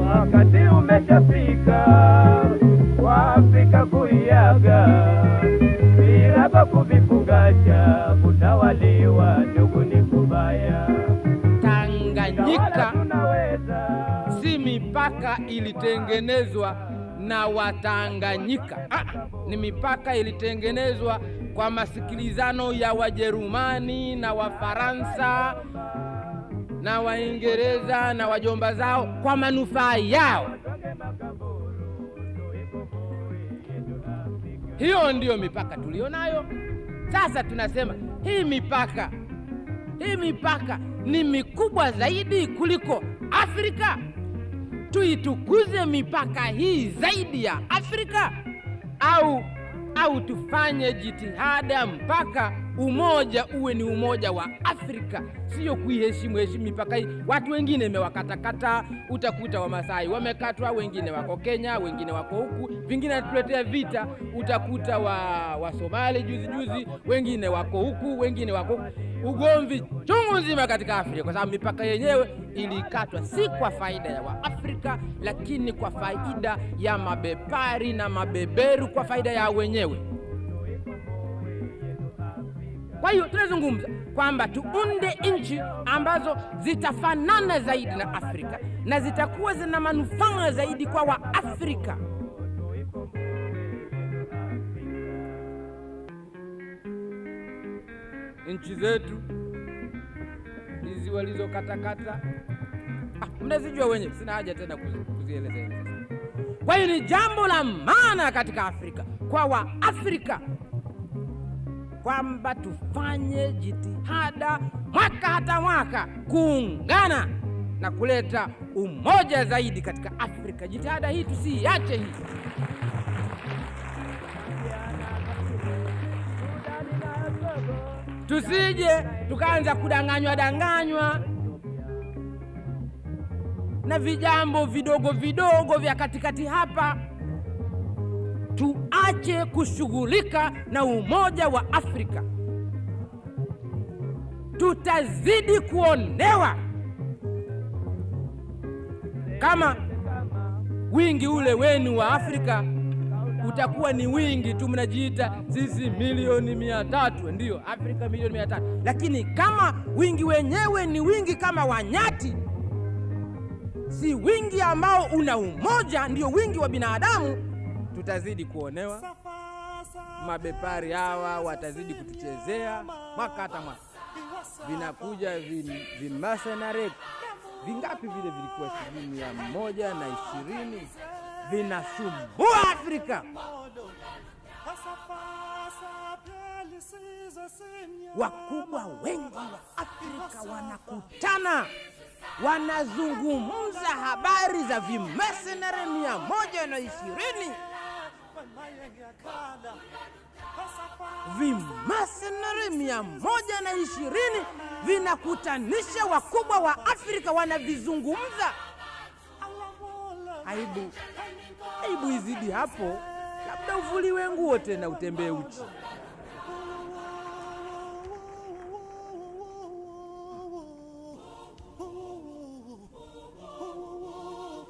wakati umeshafika wafika kuiaga, vilabu kuvifungasha, kutawaliwa ndugu ni kubaya. Tanganyika si mipaka ilitengenezwa na Watanganyika. Ah, ni mipaka ilitengenezwa kwa masikilizano ya Wajerumani na Wafaransa na Waingereza na wajomba zao kwa manufaa yao. Hiyo ndiyo mipaka nayo sasa. Tunasema hii mipaka, hii mipaka ni mikubwa zaidi kuliko Afrika. Tuitukuze mipaka hii zaidi ya Afrika, au au tufanye jitihada mpaka umoja uwe ni umoja wa Afrika, sio kuiheshimu heshimu mipaka hii. Watu wengine imewakatakata, utakuta Wamasai wamekatwa, wengine wako Kenya, wengine wako huku, vingine anatuletea vita. Utakuta wa Wasomali juzi juzi, wengine wako huku, wengine wako ugomvi chungu nzima katika Afrika, kwa sababu mipaka yenyewe ilikatwa si kwa faida ya Waafrika, lakini kwa faida ya mabepari na mabeberu, kwa faida ya wenyewe. Kwa hiyo tunazungumza kwamba tuunde nchi ambazo zitafanana zaidi na Afrika na zitakuwa zina manufaa zaidi kwa Waafrika. Nchi zetu hizi walizokatakata, ah, mnazijua wenye, sina haja tena kuzielezea. Kwa hiyo ni jambo la maana katika Afrika kwa Waafrika kwamba tufanye jitihada mwaka hata mwaka kuungana na kuleta umoja zaidi katika Afrika. Jitihada hii tusiiache hii. Tusije tukaanza kudanganywa danganywa na vijambo vidogo vidogo vya katikati hapa tuache kushughulika na umoja wa Afrika. Tutazidi kuonewa kama wingi ule wenu wa Afrika utakuwa ni wingi tu, mnajiita sisi milioni mia tatu, ndio Afrika milioni mia tatu, lakini kama wingi wenyewe ni wingi kama wanyati, si wingi ambao una umoja, ndio wingi wa binadamu tutazidi kuonewa, mabepari hawa watazidi kutuchezea mwaka hata mwaka. Vinakuja vimasenare vingapi vile vilikuwa sijui mia moja na ishirini vinasumbua Afrika. Wakubwa wengi wa Afrika wanakutana wanazungumza habari za vimesenare mia moja na ishirini. Vimasinari mia moja na ishirini vinakutanisha wakubwa wa Afrika wanavizungumza. Aibu, aibu izidi hapo, labda uvuliwe nguo tena utembee uchi.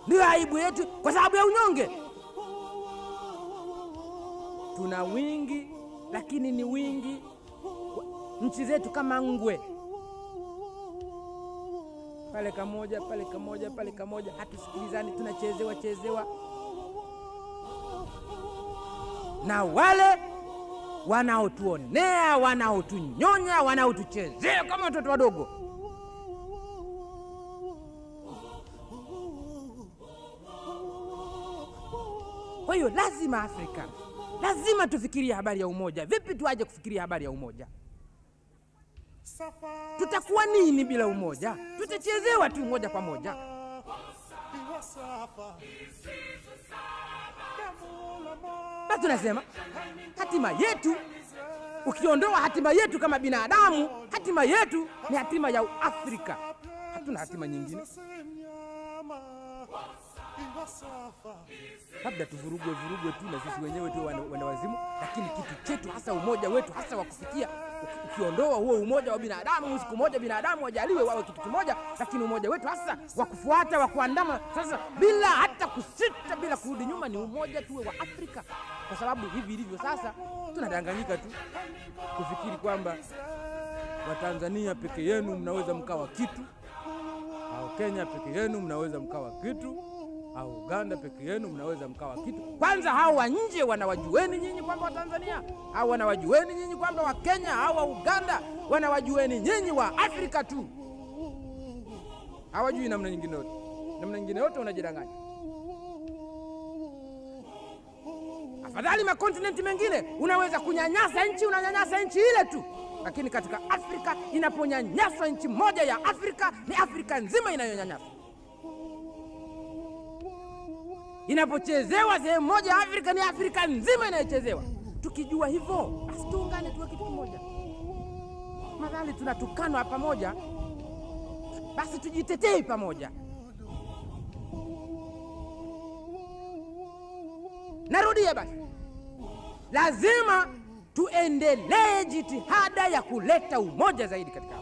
Ndiyo aibu yetu kwa sababu ya unyonge tuna wingi, lakini ni wingi nchi zetu kama ngwe pale kamoja pale kamoja pale kamoja, hatusikilizani, tunachezewa chezewa na wale wanaotuonea, wanaotunyonya, wanaotuchezea kama watoto wadogo. Kwa hiyo lazima Afrika lazima tufikirie habari ya umoja. Vipi tuaje kufikiria habari ya umoja? Tutakuwa nini bila umoja? Tutachezewa tu moja kwa moja. Basi tunasema hatima yetu, ukiondoa hatima yetu kama binadamu, hatima yetu ni hatima ya Afrika. Hatuna hatima nyingine labda tuvurugwe vurugwe tu na sisi wenyewe tu wana wazimu, lakini kitu chetu hasa umoja wetu hasa wa kufikia, ukiondoa huo umoja wa binadamu, siku moja binadamu wajaliwe wawe kitu kimoja, lakini umoja wetu hasa wa kufuata wa kuandama sasa bila hata kusita bila kurudi nyuma ni umoja tuwe wa Afrika, kwa sababu hivi ilivyo sasa tunadanganyika tu kufikiri kwamba Watanzania peke yenu mnaweza mkawa kitu au Kenya peke yenu mnaweza mkawa kitu au Uganda peke yenu mnaweza mkawa kitu. Kwanza hao wa nje wanawajueni nyinyi kwamba Watanzania au wanawajueni nyinyi kwamba Kenya au wa Uganda, wanawajueni nyinyi wa Afrika tu, hawajui namna nyingine yote. Namna nyingine yote unajidanganya. Afadhali makontinenti mengine unaweza kunyanyasa nchi, unanyanyasa nchi ile tu, lakini katika Afrika inaponyanyaswa nchi moja ya Afrika, ni Afrika nzima inayonyanyaswa. inapochezewa sehemu moja Afrika ni Afrika nzima inayochezewa. Tukijua hivyo basi tuungane tuwe kitu kimoja, madhali tunatukanwa pamoja, basi tujitetee pamoja. Narudia basi, lazima tuendelee jitihada ya kuleta umoja zaidi katika